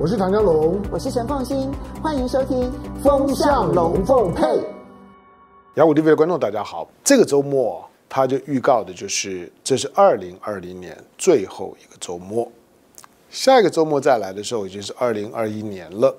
我是唐湘龍，我是陳鳳馨，歡迎收聽《風向龍鳳配》。雅虎 TV 的觀眾，大家好。這個周末，他就預告的就是，這是二零二零年最後一個周末。下一個周末再來的時候，已經是二零二一年了。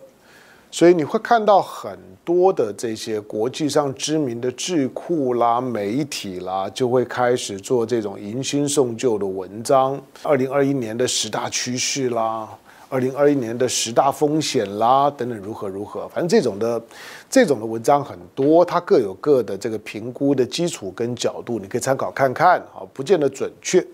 所以你會看到很多的這些國際上知名的智庫啦、媒體啦，就會開始做這種迎新送舊的文章。二零二一年的十大趨勢啦。二零二一年的十大風險啦，等等，如何如何？反正這種的，這種的文章很多，它各有各的這個評估的基礎跟角度，你可以參考看看，啊，不見得準確。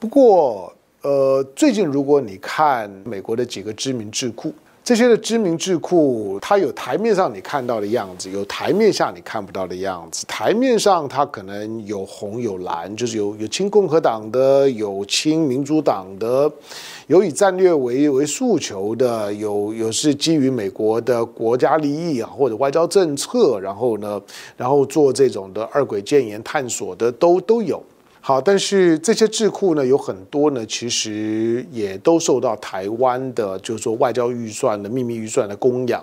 不過，呃，最近如果你看美國的幾個知名智庫。這些的知名智庫，它有台面上你看到的樣子，有台面下你看不到的樣子。台面上它可能有紅有藍，就是有有親共和黨的，有親民主黨的，有以戰略為為訴求的，有有是基於美國的國家利益啊或者外交政策，然後呢，然後做這種的二軌建言探索的都都有。好，但是這些智庫呢，有很多呢，其實也都受到台灣的就是說外交預算的秘密預算的供養。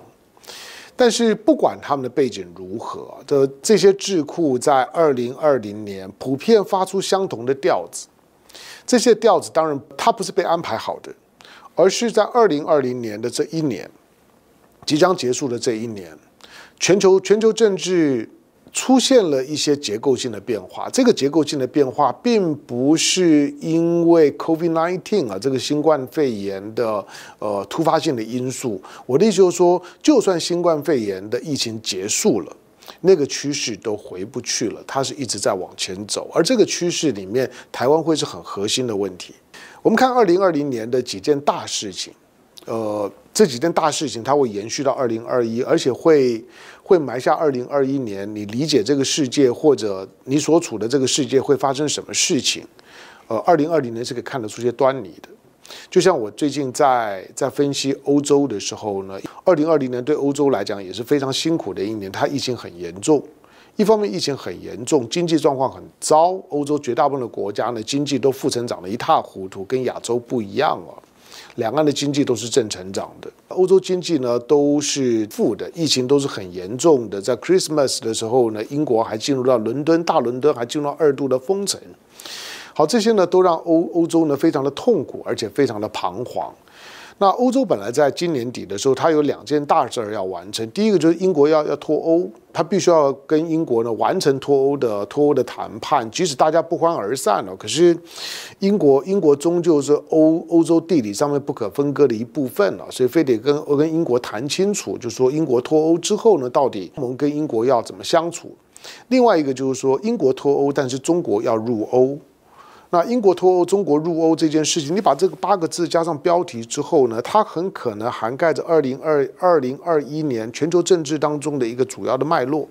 但是不管他們的背景如何，這這些智庫在二零二零年普遍發出相同的調子。這些調子當然它不是被安排好的，而是在二零二零年的這一年，即將結束的這一年，全球全球政治。出現了一些結構性的變化，這個結構性的變化並不是因為 COVID-19 啊，這個新冠肺炎的呃突發性的因素。我的意思就是說，就算新冠肺炎的疫情結束了，那個趨勢都回不去了，它是一直在往前走。而這個趨勢裡面，台灣會是很核心的問題。我們看二零二零年的幾件大事情，呃，這幾件大事情它會延續到二零二一，而且會。會埋下二零二一年，你理解這個世界或者你所處的這個世界會發生什麼事情？呃，二零二零年是可以看得出些端倪的。就像我最近在在分析歐洲的時候呢，二零二零年對歐洲來講也是非常辛苦的一年，它疫情很嚴重。一方面疫情很嚴重，經濟狀況很糟，歐洲絕大部分的國家呢經濟都負成長的一塌糊塗，跟亞洲不一樣了、啊。兩岸的經濟都是正成長的，歐洲經濟呢都是負的，疫情都是很嚴重的。在 Christmas 的時候呢，英國還進入到倫敦，大倫敦還進入到二度的封城。好，這些呢都讓歐歐洲呢非常的痛苦，而且非常的彷徨。那歐洲本來在今年底的時候，它有兩件大事兒要完成。第一個就是英國要要脫歐，它必須要跟英國呢完成脫歐的脫歐的談判，即使大家不歡而散了，可是英國英國終究是歐歐洲地理上面不可分割的一部分了，所以非得跟歐跟英國談清楚，就是說英國脫歐之後呢，到底歐盟跟英國要怎麼相處。另外一個就是說，英國脫歐，但是中國要入歐。那英國脫歐，中國入歐這件事情，你把這個八個字加上標題之後呢，它很可能涵蓋着二零二二零二一年全球政治當中的一個主要的脈絡。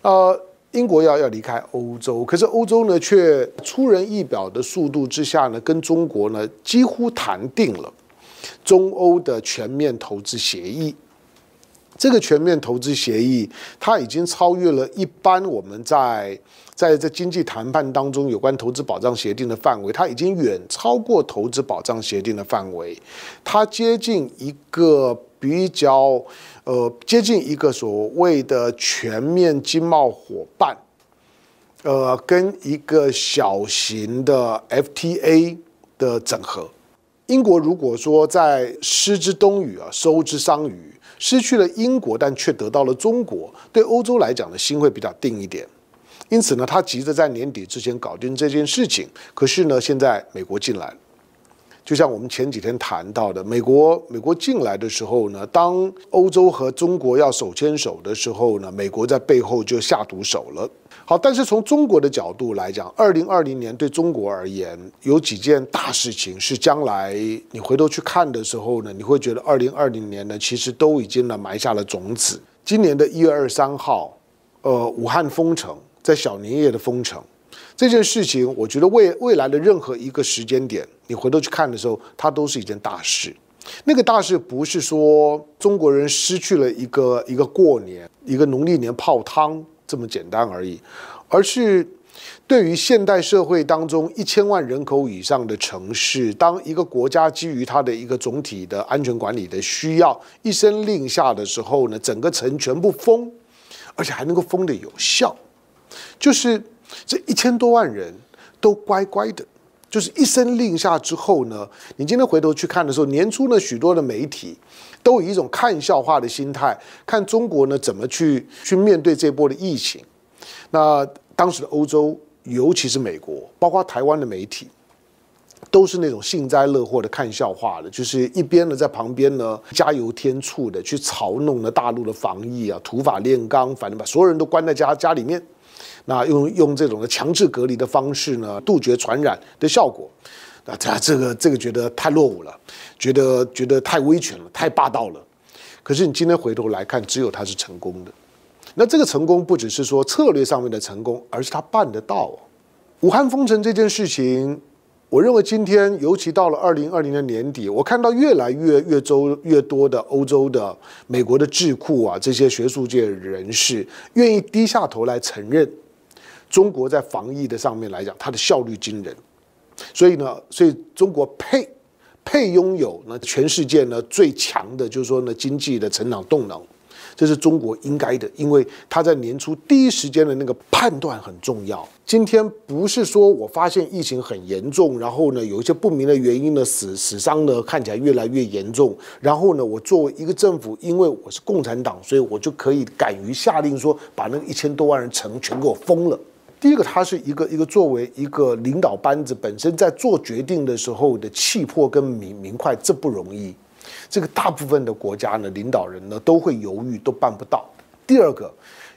呃，英國要要離開歐洲，可是歐洲呢卻出人意表的速度之下呢，跟中國呢幾乎談定了中歐的全面投資協議。這個全面投資協議，它已經超越了一般我們在在在經濟談判當中有關投資保障協定的範圍，它已經遠超過投資保障協定的範圍，它接近一個比較，呃，接近一個所謂的全面經貿夥伴，呃，跟一個小型的 FTA 的整合。英國如果說在失之東隅啊，收之桑榆。失去了英國，但卻得到了中國。對歐洲來講呢，心會比較定一點。因此呢，他急着在年底之前搞定這件事情。可是呢，現在美國進來了，就像我們前幾天談到的，美國美國進來的時候呢，當歐洲和中國要手牽手的時候呢，美國在背後就下毒手了。好，但是從中國的角度來講，二零二零年對中國而言，有幾件大事情是將來你回頭去看的時候呢，你會覺得二零二零年呢，其實都已經呢埋下了種子。今年的一月二十三號，呃，武漢封城，在小年夜的封城這件事情，我覺得未未來的任何一個時間點，你回頭去看的時候，它都是一件大事。那個大事不是說中國人失去了一個一個過年，一個農曆年泡湯這麼簡單而已，而是對於現代社會當中一千萬人口以上的城市，當一個國家基於它的一個總體的安全管理的需要，一聲令下的時候呢，整個城全部封，而且還能夠封得有效，就是這一千多萬人都乖乖的，就是一聲令下之後呢，你今天回頭去看的時候，年初呢，許多的媒體。都以一種看笑話的心態，看中國呢怎麼去去面對這波的疫情，那當時的歐洲，尤其是美國，包括台灣的媒體，都是那種幸災樂禍的看笑話的，就是一邊呢在旁邊呢加油添醋的去嘲弄了大陸的防疫啊土法煉鋼，反正把所有人都關在家家裡面，那用用這種的強制隔離的方式呢杜絕傳染的效果。啊，這個這個覺得太落伍了，覺得覺得太威權了，太霸道了。可是你今天回頭來看，只有他是成功的。那這個成功不只是說策略上面的成功，而是他辦得到啊。武漢封城這件事情，我認為今天尤其到了二零二零年年底，我看到越來越越周越多的歐洲的、美國的智庫啊，這些學術界人士願意低下頭來承認，中國在防疫的上面來講，它的效率驚人。所以呢，所以中國配，配擁有呢全世界呢最強的，就是說呢經濟的成長動能，這是中國應該的，因為他在年初第一時間的那個判斷很重要。今天不是說我發現疫情很嚴重，然後呢有一些不明的原因呢死死傷呢看起來越來越嚴重，然後呢我作為一個政府，因為我是共產黨，所以我就可以敢於下令說把那一千多萬人城全給我封了。第一個，他是一個一個作為一個領導班子本身在做決定的時候的氣魄跟明明快，這不容易。這個大部分的國家呢，領導人呢都會猶豫，都辦不到。第二個，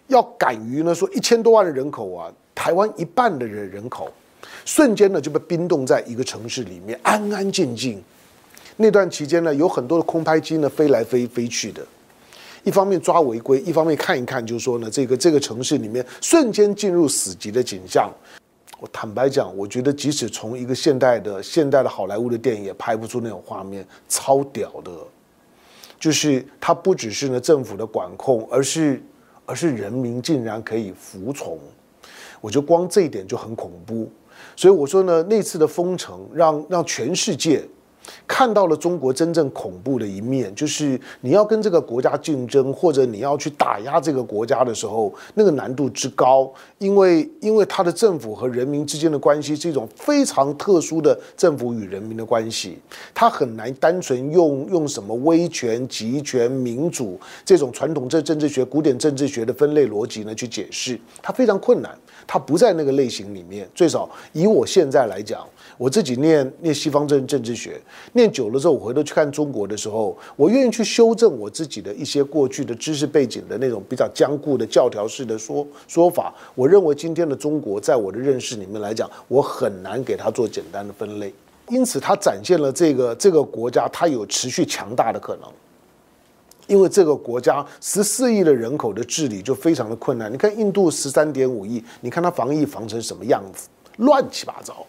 要敢於呢說一千多萬的人口啊，台灣一半的人人口，瞬間呢就被冰凍在一個城市裡面，安安靜靜。那段期間呢，有很多的空拍機呢飛來飛飛去的。一方面抓違規，一方面看一看，就是說呢，這個這個城市裡面瞬間進入死寂的景象。我坦白講，我覺得即使從一個現代的現代的好萊塢的電影也拍不出那種畫面，超屌的。就是它不只是呢政府的管控，而是而是人民竟然可以服從。我覺得光這一點就很恐怖。所以我說呢，那次的封城讓讓全世界，看到了中國真正恐怖的一面，就是你要跟這個國家競爭，或者你要去打壓這個國家的時候，那個難度之高，因為因為它的政府和人民之間的關係是一種非常特殊的政府與人民的關係，它很難單純用用什麼威權、集權、民主這種傳統政政治學、古典政治學的分類邏輯呢去解釋，它非常困難，它不在那個類型裡面。最少以我現在來講，我自己念念西方政政治學。念久了之後，我回頭去看中國的時候，我願意去修正我自己的一些過去的知識背景的那種比較僵固的教條式的說說法。我認為今天的中國，在我的認識裡面來講，我很難給它做簡單的分類。因此，它展現了這個這個國家它有持續強大的可能，因為這個國家十四億的人口的治理就非常的困難。你看印度十三點五億，你看它防疫防成什麼樣子，亂七八糟。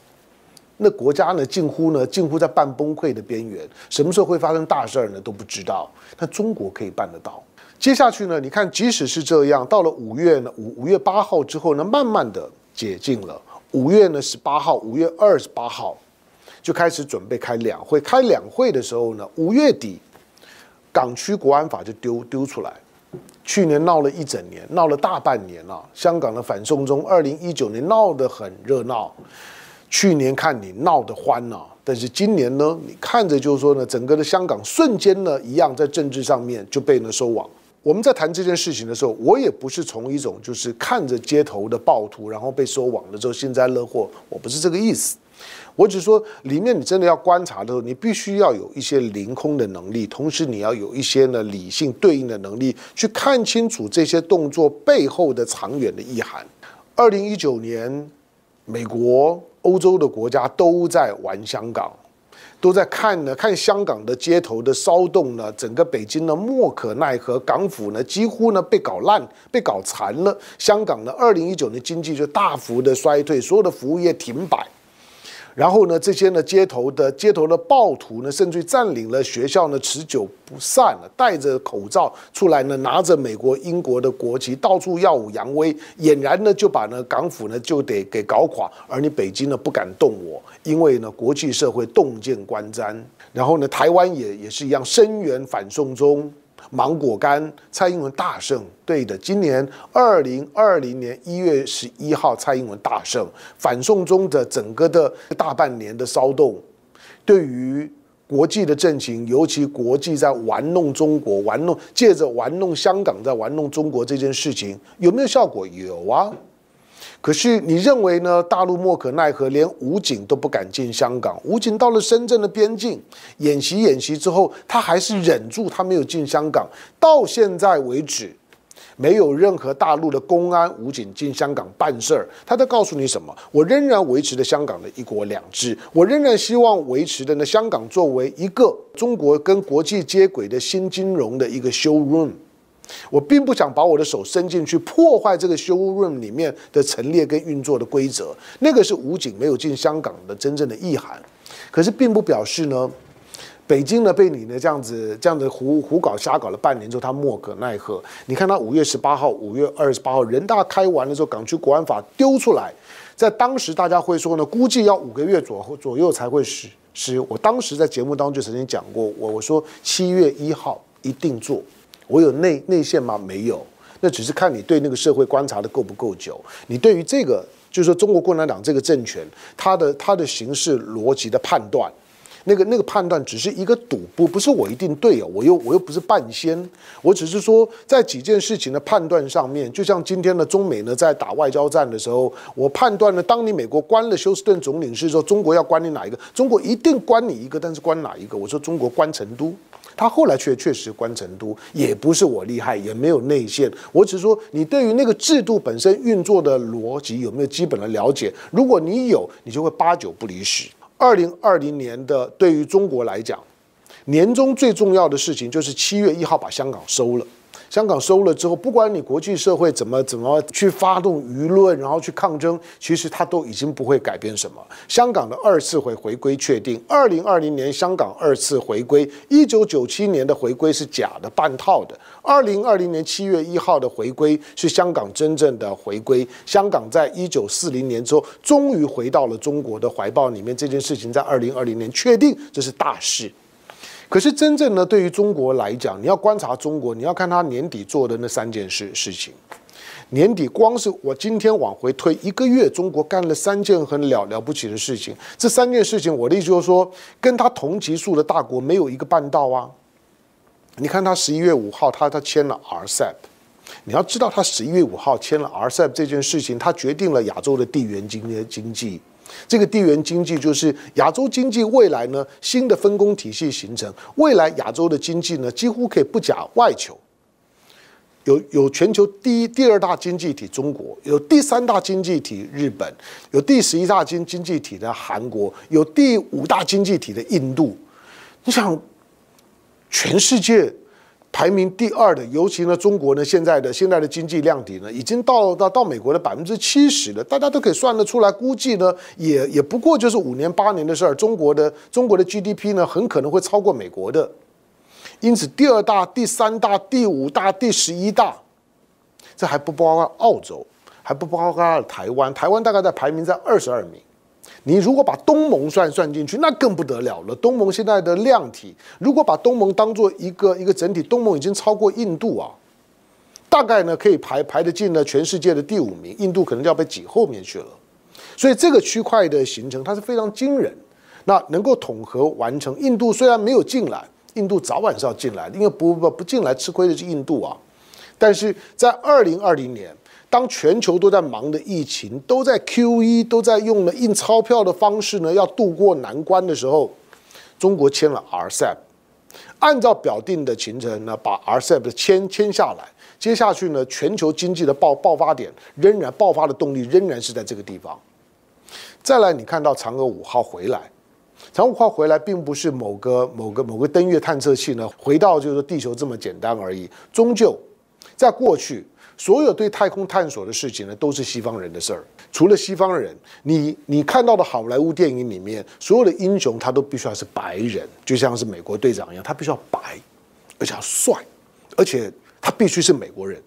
那國家呢，近乎呢，近乎在半崩潰的邊緣，什麼時候會發生大事兒呢？都不知道。但中國可以辦得到。接下去呢，你看，即使是這樣，到了五月呢，五五月八號之後呢，慢慢的解禁了。五月呢十八號，五月二十八號，就開始準備開兩會。開兩會的時候呢，五月底，港區國安法就丢丟出來。去年鬧了一整年，鬧了大半年了啊。香港的反送中，二零一九年鬧得很熱鬧。去年看你鬧得歡呢、啊，但是今年呢，你看着就是說呢，整個的香港瞬間呢一樣在政治上面就被呢收網。我們在談這件事情的時候，我也不是從一種就是看着街頭的暴徒然後被收網了之後幸災樂禍，我不是這個意思。我只是說裡面你真的要觀察的時候，你必須要有一些凌空的能力，同時你要有一些呢理性對應的能力，去看清楚這些動作背後的長遠的意涵。二零一九年，美國、歐洲的國家都在玩香港，都在看呢，看香港的街頭的騷動呢，整個北京呢莫可奈何，港府呢幾乎呢被搞爛、被搞殘了，香港呢二零一九年經濟就大幅的衰退，所有的服務業停擺。然後呢，這些呢街頭的街頭的暴徒呢，甚至佔領了學校呢，持久不散了，戴着口罩出來呢，拿着美國、英國的國旗到處耀武揚威，儼然呢就把呢港府呢就得給搞垮，而你北京呢不敢動我，因為呢國際社會動見觀瞻，然後呢台灣也也是一樣聲援反送中。芒果乾，蔡英文大勝，對的，今年二零二零年一月十一號，蔡英文大勝，反送中的整個的大半年的騷動，對於國際的政情，尤其國際在玩弄中國，玩弄借着玩弄香港在玩弄中國這件事情，有沒有效果？有啊。可是你認為呢？大陸莫可奈何，連武警都不敢進香港。武警到了深圳的邊境演習，演習之後，他還是忍住，他沒有進香港。到現在為止，沒有任何大陸的公安武警進香港辦事兒。他在告訴你什麼？我仍然維持着香港的一國兩制，我仍然希望維持的呢，香港作為一個中國跟國際接軌的新金融的一個 showroom。我並不想把我的手伸進去破壞這個 show room 裡面的陳列跟運作的規則，那個是武警沒有進香港的真正的意涵。可是並不表示呢，北京呢被你呢這樣子這樣子胡胡搞瞎搞了半年之後，他莫可奈何。你看他五月十八號、五月二十八號人大開完了之後，港區國安法丟出來，在當時大家會說呢，估計要五個月左左左右才會實施。我當時在節目當中就曾經講過，我我說七月一號一定做。我有內內線嗎？沒有，那只是看你對那個社會觀察得夠不夠久。你對於這個，就是說中國共產黨這個政權，它的它的形式邏輯的判斷，那個那個判斷只是一個賭，不，不是我一定對哦，我又我又不是半仙，我只是說在幾件事情的判斷上面，就像今天的中美呢在打外交戰的時候，我判斷了，當你美國關了休斯頓總領事，說中國要關你哪一個，中國一定關你一個，但是關哪一個？我說中國關成都。他後來卻確實關成都，也不是我厲害，也沒有內線。我只是說，你對於那個制度本身運作的邏輯有沒有基本的了解？如果你有，你就會八九不離十。二零二零年的對於中國來講，年中最重要的事情就是七月一號把香港收了。香港收了之後，不管你國際社會怎麼怎麼去發動輿論，然後去抗爭，其實它都已經不會改變什麼。香港的二次回回歸確定，二零二零年香港二次回歸，一九九七年的回歸是假的、半套的，二零二零年七月一號的回歸是香港真正的回歸。香港在一九四零年之後終於回到了中國的懷抱裡面，這件事情在二零二零年確定，這是大事。可是真正呢，對於中國來講，你要觀察中國，你要看他年底做的那三件事事情。年底光是我今天往回推一個月，中國幹了三件很了了不起的事情。這三件事情，我的意思就是說，跟他同級數的大國沒有一個辦到啊。你看他十一月五號，他他簽了 RCEP。你要知道，他十一月五號簽了 RCEP 這件事情，他決定了亞洲的地緣經經濟。這個地緣經濟就是亞洲經濟未來呢，新的分工體系形成，未來亞洲的經濟呢幾乎可以不假外求。有有全球第一第二大經濟體中國，有第三大經濟體日本，有第十一大經經濟體的韓國，有第五大經濟體的印度。你想，全世界。排名第二的，尤其呢，中國呢，現在的現在的經濟量體呢，已經到到到美國的百分之七十了。大家都可以算得出來，估計呢，也也不過就是五年八年的事兒。中國的中國的 GDP 呢，很可能會超過美國的。因此，第二大、第三大、第五大、第十一大，這還不包括澳洲，還不包括台灣。台灣大概在排名在二十二名。你如果把東盟算算進去，那更不得了了。東盟現在的量體，如果把東盟當做一個一個整體，東盟已經超過印度啊，大概呢可以排排得進了全世界的第五名，印度可能就要被擠後面去了。所以這個區塊的形成，它是非常驚人。那能夠統合完成，印度雖然沒有進來，印度早晚是要進來的，因為不不不進來吃虧的是印度啊。但是在二零二零年。當全球都在忙的疫情，都在 QE，都在用了印鈔票的方式呢要渡過難關的時候，中國簽了 RCEP，按照表定的行程呢把 RCEP 的簽簽下來，接下去呢全球經濟的爆爆發點仍然爆發的動力仍然是在這個地方。再來，你看到嫦娥五號回來，嫦娥五號回來並不是某個某個某個登月探測器呢回到就是地球這麼簡單而已，終究在過去。所有對太空探索的事情呢，都是西方人的事兒。除了西方人，你你看到的好萊塢電影裡面，所有的英雄他都必須要是白人，就像是美國隊長一樣，他必須要白，而且要帥，而且他必須是美國人。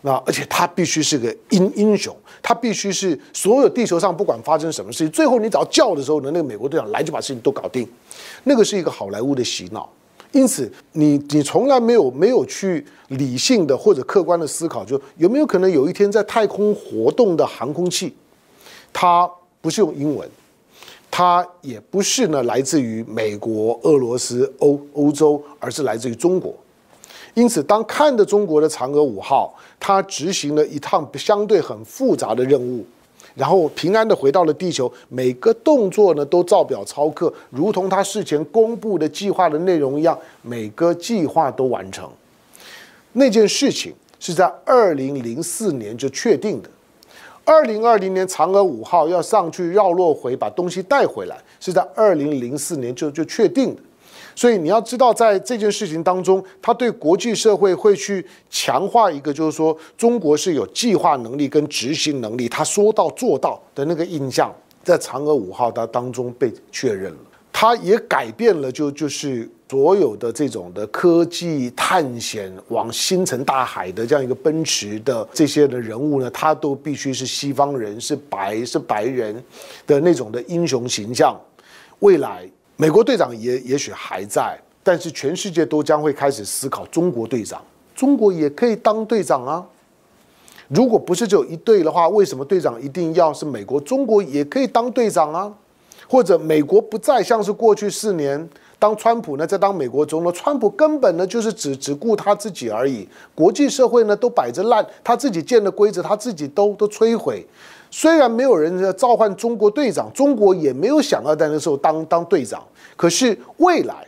那而且他必須是個英英雄，他必須是所有地球上不管發生什麼事情，最後你只要叫的時候呢，那個美國隊長來就把事情都搞定。那個是一個好萊塢的洗腦。因此你，你你從來沒有沒有去理性的或者客觀的思考，就有沒有可能有一天在太空活動的航空器，它不是用英文，它也不是呢來自於美國、俄羅斯、歐歐洲，而是來自於中國。因此，當看着中國的嫦娥五號，它執行了一趟相對很複雜的任務。然後平安的回到了地球，每個動作呢都照表操課，如同他事前公布的計劃的內容一樣，每個計劃都完成。那件事情是在二零零四年就確定的，二零二零年嫦娥五號要上去繞落回，把東西帶回來，是在二零零四年就就確定的。所以你要知道，在這件事情當中，他對國際社會會去強化一個，就是說中國是有計劃能力跟執行能力，他說到做到的那個印象，在嫦娥五號它當中被確認了。他也改變了，就就是所有的這種的科技探險往星辰大海的這樣一個奔馳的這些的人物呢，他都必須是西方人，是白是白人的那種的英雄形象，未來。美國隊長也也許還在，但是全世界都將會開始思考：中國隊長，中國也可以當隊長啊！如果不是只有一隊的話，為什麼隊長一定要是美國？中國也可以當隊長啊！或者美國不再像是過去四年當川普呢，在當美國總統，川普根本呢就是只只顧他自己而已。國際社會呢都擺着爛，他自己建的規則他自己都都摧毀。雖然沒有人要召喚中國隊長，中國也沒有想要在那時候當當隊長。可是未來，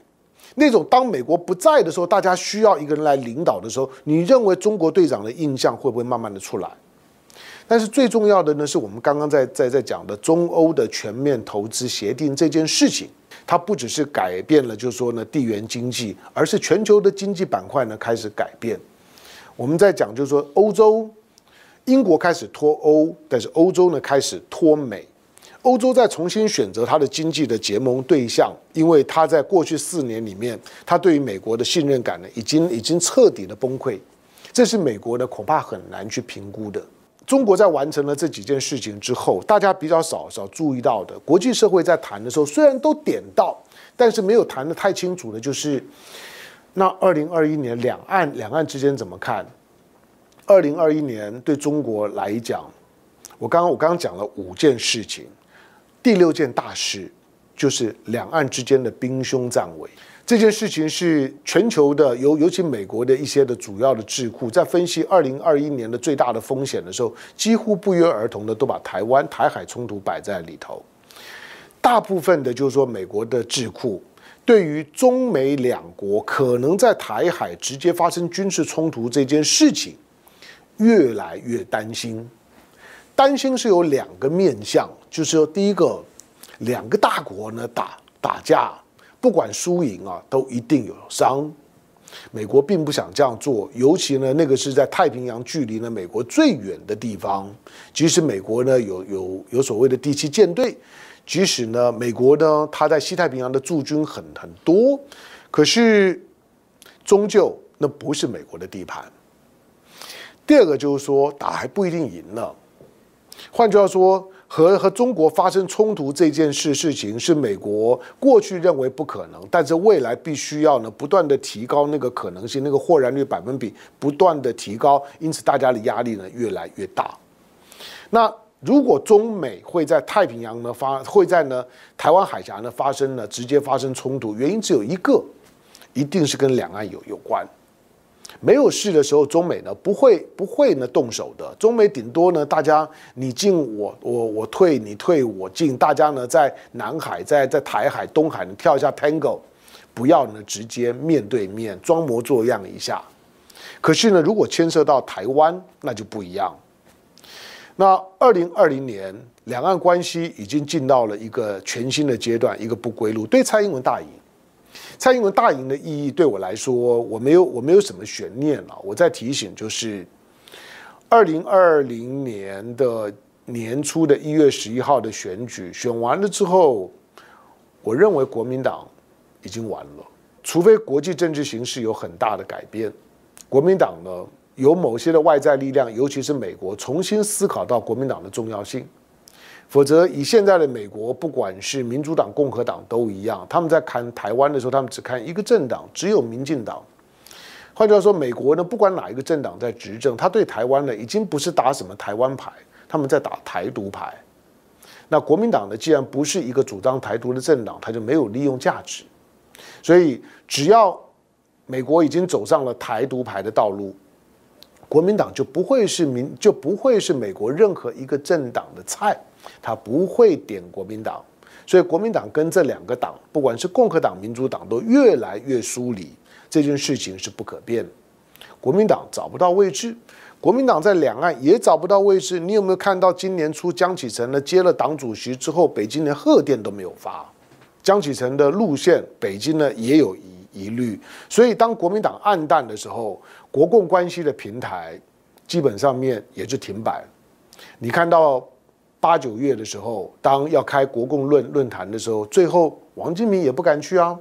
那種當美國不在的時候，大家需要一個人來領導的時候，你認為中國隊長的印象會不會慢慢的出來？但是最重要的呢，是我們剛剛在在在講的中歐的全面投資協定這件事情，它不只是改變了，就是說呢地緣經濟，而是全球的經濟板塊呢開始改變。我們在講，就是說歐洲。英國開始脫歐，但是歐洲呢開始脫美，歐洲在重新選擇它的經濟的結盟對象，因為它在過去四年裡面，它對於美國的信任感呢已經已經徹底的崩潰，這是美國呢恐怕很難去評估的。中國在完成了這幾件事情之後，大家比較少少注意到的，國際社會在談的時候雖然都點到，但是沒有談得太清楚的，就是那二零二一年兩岸兩岸之間怎麼看？二零二一年對中國來講，我剛剛我剛剛講了五件事情，第六件大事就是兩岸之間的兵凶戰危。這件事情是全球的，尤尤其美國的一些的主要的智庫在分析二零二一年的最大的風險的時候，幾乎不約而同的都把台灣台海衝突擺在裡頭。大部分的，就是說美國的智庫對於中美兩國可能在台海直接發生軍事衝突這件事情。越來越擔心，擔心是有兩個面向，就是說，第一個，兩個大國呢打打架，不管輸贏啊，都一定有傷。美國並不想這樣做，尤其呢，那個是在太平洋距離呢美國最遠的地方。即使美國呢有有有所謂的第七艦隊，即使呢美國呢他在西太平洋的駐軍很很多，可是終究那不是美國的地盤。第二個就是說，打還不一定贏呢。換句話說，和和中國發生衝突這件事事情，是美國過去認為不可能，但是未來必須要呢，不斷的提高那個可能性，那個或然率百分比不斷的提高，因此大家的壓力呢越來越大。那如果中美會在太平洋呢發，會在呢台灣海峽呢發生了直接發生衝突，原因只有一個，一定是跟兩岸有有關。沒有事的時候，中美呢不會不會呢動手的。中美頂多呢，大家你進我我我退，你退我進，大家呢在南海、在在台海、東海跳一下 tango，不要呢直接面對面裝模作樣一下。可是呢，如果牽涉到台灣，那就不一樣。那二零二零年兩岸關係已經進到了一個全新的階段，一個不歸路，對蔡英文大贏。蔡英文大贏的意義對我來說，我沒有我沒有什麼懸念了啊。我再提醒，就是二零二零年的年初的一月十一號的選舉，選完了之後，我認為國民黨已經完了，除非國際政治形勢有很大的改變，國民黨呢有某些的外在力量，尤其是美國重新思考到國民黨的重要性。否則，以現在的美國，不管是民主黨、共和黨都一樣，他們在看台灣的時候，他們只看一個政黨，只有民進黨。換句話說，美國呢，不管哪一個政黨在執政，他對台灣呢，已經不是打什麼台灣牌，他們在打台獨牌。那國民黨呢，既然不是一個主張台獨的政黨，他就沒有利用價值。所以，只要美國已經走上了台獨牌的道路，國民黨就不會是民，就不會是美國任何一個政黨的菜。他不會點國民黨，所以國民黨跟這兩個黨，不管是共和黨、民主黨，都越來越疏離。這件事情是不可變，國民黨找不到位置，國民黨在兩岸也找不到位置。你有沒有看到今年初江啟臣呢接了黨主席之後，北京連賀電都沒有發，江啟臣的路線，北京呢也有疑疑慮。所以當國民黨暗淡的時候，國共關係的平台基本上面也就停擺。你看到，八九月的時候，當要開國共論論壇的時候，最後王金平也不敢去啊。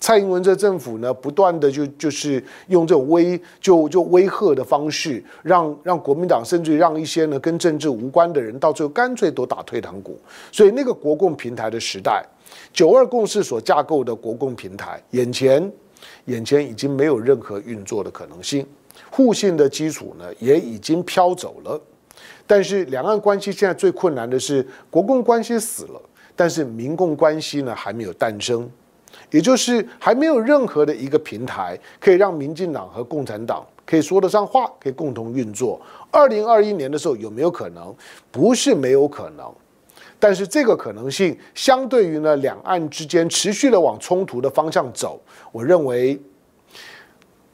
蔡英文這政府呢，不斷的就就是用這種威就就威嚇的方式，讓讓國民黨，甚至於讓一些呢跟政治無關的人，到最後乾脆都打退堂鼓。所以那個國共平台的時代，九二共識所架構的國共平台，眼前眼前已經沒有任何運作的可能性，互信的基礎呢也已經飄走了。但是兩岸關係現在最困難的是國共關係死了，但是民共關係呢還沒有誕生，也就是還沒有任何的一個平台可以讓民進黨和共產黨可以說得上話，可以共同運作。二零二一年的時候有沒有可能？不是沒有可能，但是這個可能性相對於呢兩岸之間持續的往衝突的方向走，我認為。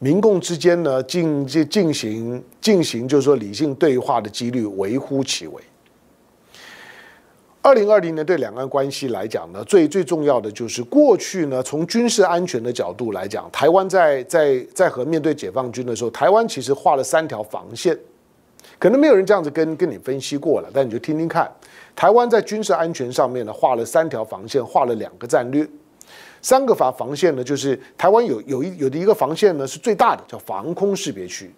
民共之間呢，進進進行進行，就是說理性對話的幾率微乎其微。2020年對兩岸關係來講呢，最最重要的就是過去呢，從軍事安全的角度來講，台灣在在在和面對解放軍的時候，台灣其實畫了三條防線。可能沒有人這樣子跟跟你分析過了，但你就聽聽看。台灣在軍事安全上面呢，畫了三條防線，畫了兩個戰略。三個防防線呢，就是台灣有有一有的一個防線呢是最大的，叫防空識別區。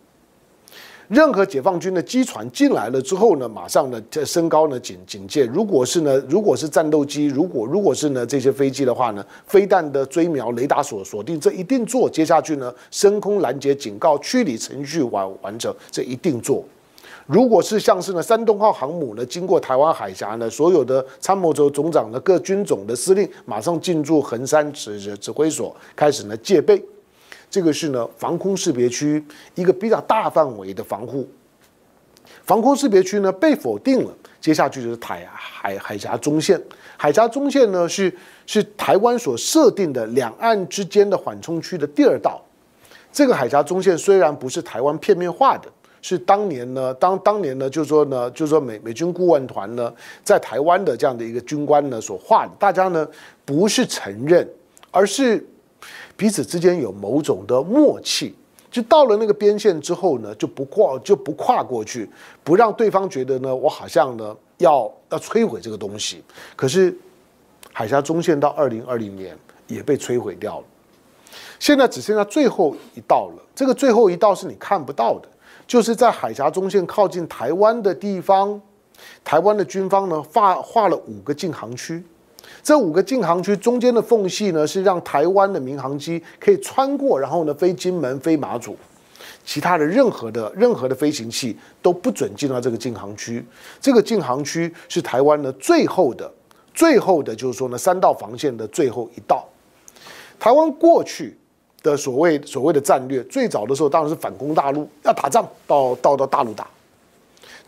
任何解放軍的機船進來了之後呢，馬上呢在升高呢警警戒。如果是呢，如果是戰鬥機，如果如果是呢這些飛機的話呢，飛彈的追瞄、雷達鎖鎖定，這一定做。接下去呢，升空攔截警告驅離程序完完成，這一定做。如果是像是呢，山東號航母呢經過台灣海峽呢，所有的參謀總長呢，各軍種的司令馬上進駐衡山指指揮所，開始呢戒備。這個是呢防空識別區一個比較大範圍的防護。防空識別區呢被否定了，接下去就是台海海峽中線。海峽中線呢是是台灣所設定的兩岸之間的緩衝區的第二道。這個海峽中線雖然不是台灣片面畫的。是當年呢，當當年呢，就是說呢，就是說美美軍顧問團呢，在台灣的這樣的一個軍官呢所畫的。大家呢不是承認，而是彼此之間有某種的默契。就到了那個邊線之後呢，就不過就不跨過去，不讓對方覺得呢，我好像呢要要摧毀這個東西。可是海峽中線到二零二零年也被摧毀掉了，現在只剩下最後一道了。這個最後一道是你看不到的。就是在海峽中線靠近台灣的地方，台灣的軍方呢劃劃了五個禁航區，這五個禁航區中間的縫隙呢是讓台灣的民航機可以穿過，然後呢飛金門飛馬祖，其他的任何的任何的飛行器都不准進到這個禁航區。這個禁航區是台灣的最後的、最後的，就是說呢三道防線的最後一道。台灣過去。的所謂所謂的戰略，最早的時候當然是反攻大陸，要打仗，到到到大陸打。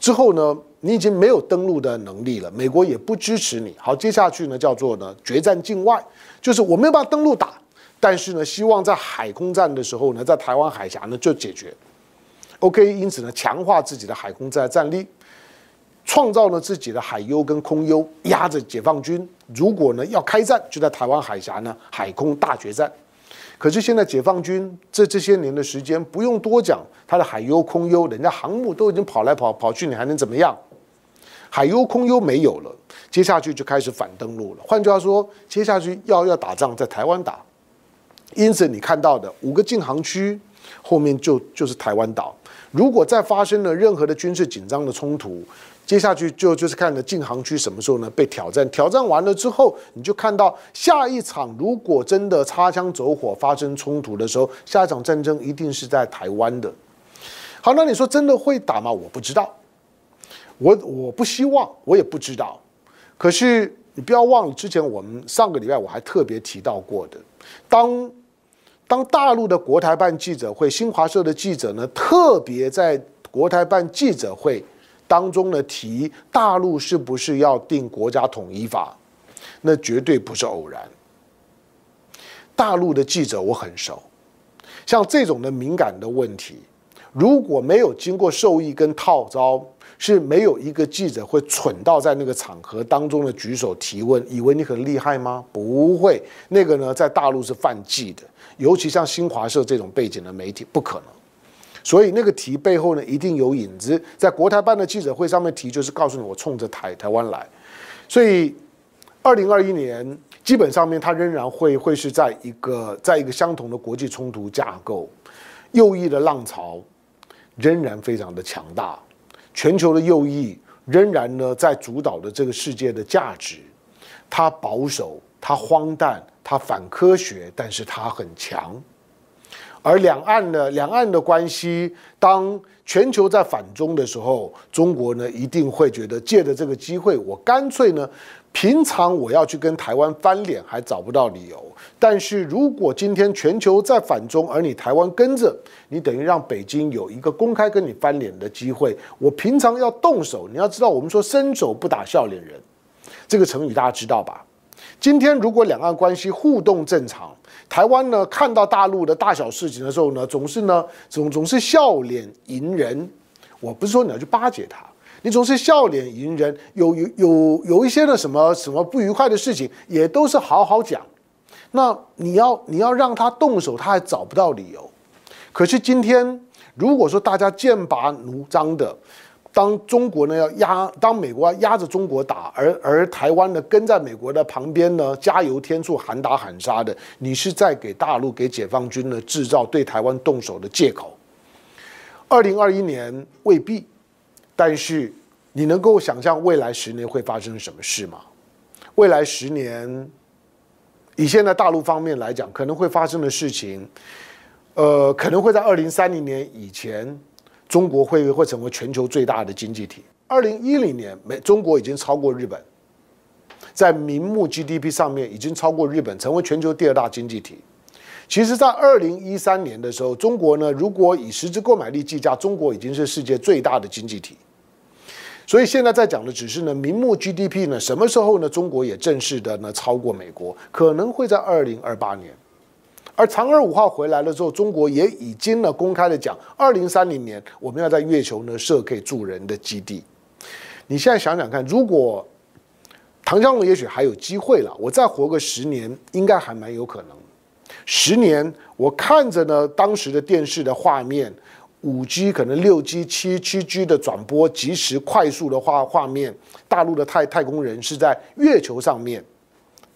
之後呢，你已經沒有登陸的能力了，美國也不支持你。好，接下去呢叫做呢決戰境外，就是我沒有辦法登陸打，但是呢希望在海空戰的時候呢，在台灣海峽呢就解決。OK，因此呢強化自己的海空戰戰力，創造了自己的海優跟空優，壓着解放軍。如果呢要開戰，就在台灣海峽呢海空大決戰。可是現在解放軍這這些年的時間不用多講，他的海優空優，人家航母都已經跑來跑跑去，你還能怎麼樣？海優空優沒有了，接下去就開始反登陸了。換句話說，接下去要要打仗在台灣打。因此你看到的五個禁航區，後面就就是台灣島。如果再發生了任何的軍事緊張的衝突。接下去就就是看的禁航區什麼時候呢被挑戰，挑戰完了之後，你就看到下一場如果真的擦槍走火發生衝突的時候，下一場戰爭一定是在台灣的。好，那你說真的會打嗎？我不知道，我我不希望，我也不知道。可是你不要忘了，之前我們上個禮拜我還特別提到過的，當當大陸的國台辦記者會，新華社的記者呢，特別在國台辦記者會。當中的提大陸是不是要定國家統一法？那絕對不是偶然。大陸的記者我很熟，像這種的敏感的問題，如果沒有經過授意跟套招，是沒有一個記者會蠢到在那個場合當中的舉手提問，以為你很厲害嗎？不會，那個呢，在大陸是犯忌的，尤其像新華社這種背景的媒體，不可能。所以那個題背後呢，一定有影子。在國台辦的記者會上面提，就是告訴你，我衝着台台灣來。所以，二零二一年基本上面，它仍然會會是在一個在一個相同的國際衝突架構，右翼的浪潮仍然非常的強大。全球的右翼仍然呢在主導着這個世界的價值。它保守，它荒誕，它反科學，但是它很強。而兩岸呢，兩岸的關係，當全球在反中的時候，中國呢一定會覺得借着這個機會，我乾脆呢，平常我要去跟台灣翻臉還找不到理由，但是如果今天全球在反中，而你台灣跟着，你等於讓北京有一個公開跟你翻臉的機會。我平常要動手，你要知道，我們說伸手不打笑臉人，這個成語大家知道吧？今天如果兩岸關係互動正常。台灣呢，看到大陸的大小事情的時候呢，總是呢，總總是笑臉迎人。我不是說你要去巴結他，你總是笑臉迎人，有有有，有一些的什麼什麼不愉快的事情，也都是好好講。那你要你要讓他動手，他還找不到理由。可是今天如果說大家劍拔弩張的。當中國呢要壓，當美國壓着中國打，而而台灣呢跟在美國的旁邊呢加油添醋喊打喊殺的，你是在給大陸給解放軍呢制造對台灣動手的借口。二零二一年未必，但是你能夠想象未來十年會發生什麼事嗎？未來十年，以現在大陸方面來講，可能會發生的事情，呃，可能會在二零三零年以前。中國會不會成為全球最大的經濟體？二零一零年，美中國已經超過日本，在名目 GDP 上面已經超過日本，成為全球第二大經濟體。其實，在二零一三年的時候，中國呢，如果以實質購買力計價，中國已經是世界最大的經濟體。所以現在在講的只是呢，名目 GDP 呢，什麼時候呢，中國也正式的呢超過美國，可能會在二零二八年。而嫦娥五號回來了之後，中國也已經呢公開的講，二零三零年我們要在月球呢設可以住人的基地。你現在想想看，如果唐湘龍也許還有機會了，我再活個十年，應該還蠻有可能。十年，我看着呢當時的電視的畫面，五 G 可能六 G、七七 G 的轉播，即時快速的畫畫面，大陸的太太空人是在月球上面。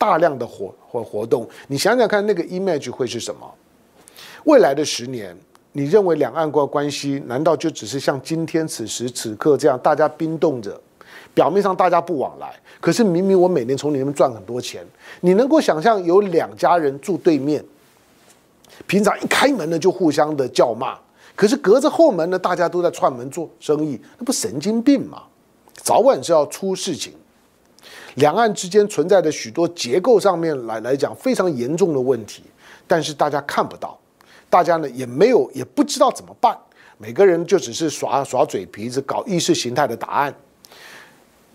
大量的活活活動，你想想看，那個 image 會是什麼？未來的十年，你認為兩岸關關係難道就只是像今天此時此刻這樣，大家冰凍着，表面上大家不往來，可是明明我每年從你們賺很多錢。你能夠想象有兩家人住對面，平常一開門呢就互相的叫罵，可是隔着後門呢大家都在串門做生意，那不神經病嗎？早晚是要出事情。兩岸之間存在的許多結構上面來來講非常嚴重的問題，但是大家看不到，大家呢也沒有也不知道怎麼辦，每個人就只是耍耍嘴皮子，搞意識形態的答案。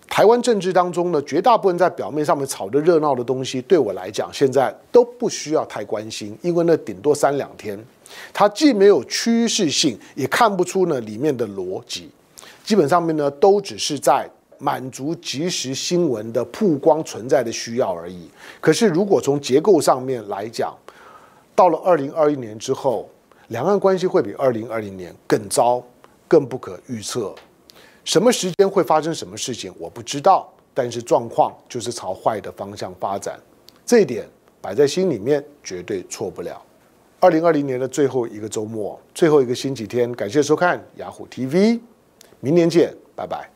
台灣政治當中呢，絕大部分在表面上面吵得熱鬧的東西，對我來講現在都不需要太關心，因為那頂多三兩天，它既沒有趨勢性，也看不出呢裡面的邏輯，基本上面呢都只是在。滿足即時新聞的曝光存在的需要而已。可是，如果從結構上面來講，到了二零二一年之後，兩岸關係會比二零二零年更糟，更不可預測。什麼時間會發生什麼事情，我不知道。但是狀況就是朝壞的方向發展，這一點擺在心裡面，絕對錯不了。二零二零年的最後一個周末，最後一個星期天，感謝收看雅虎 TV，明年見，拜拜。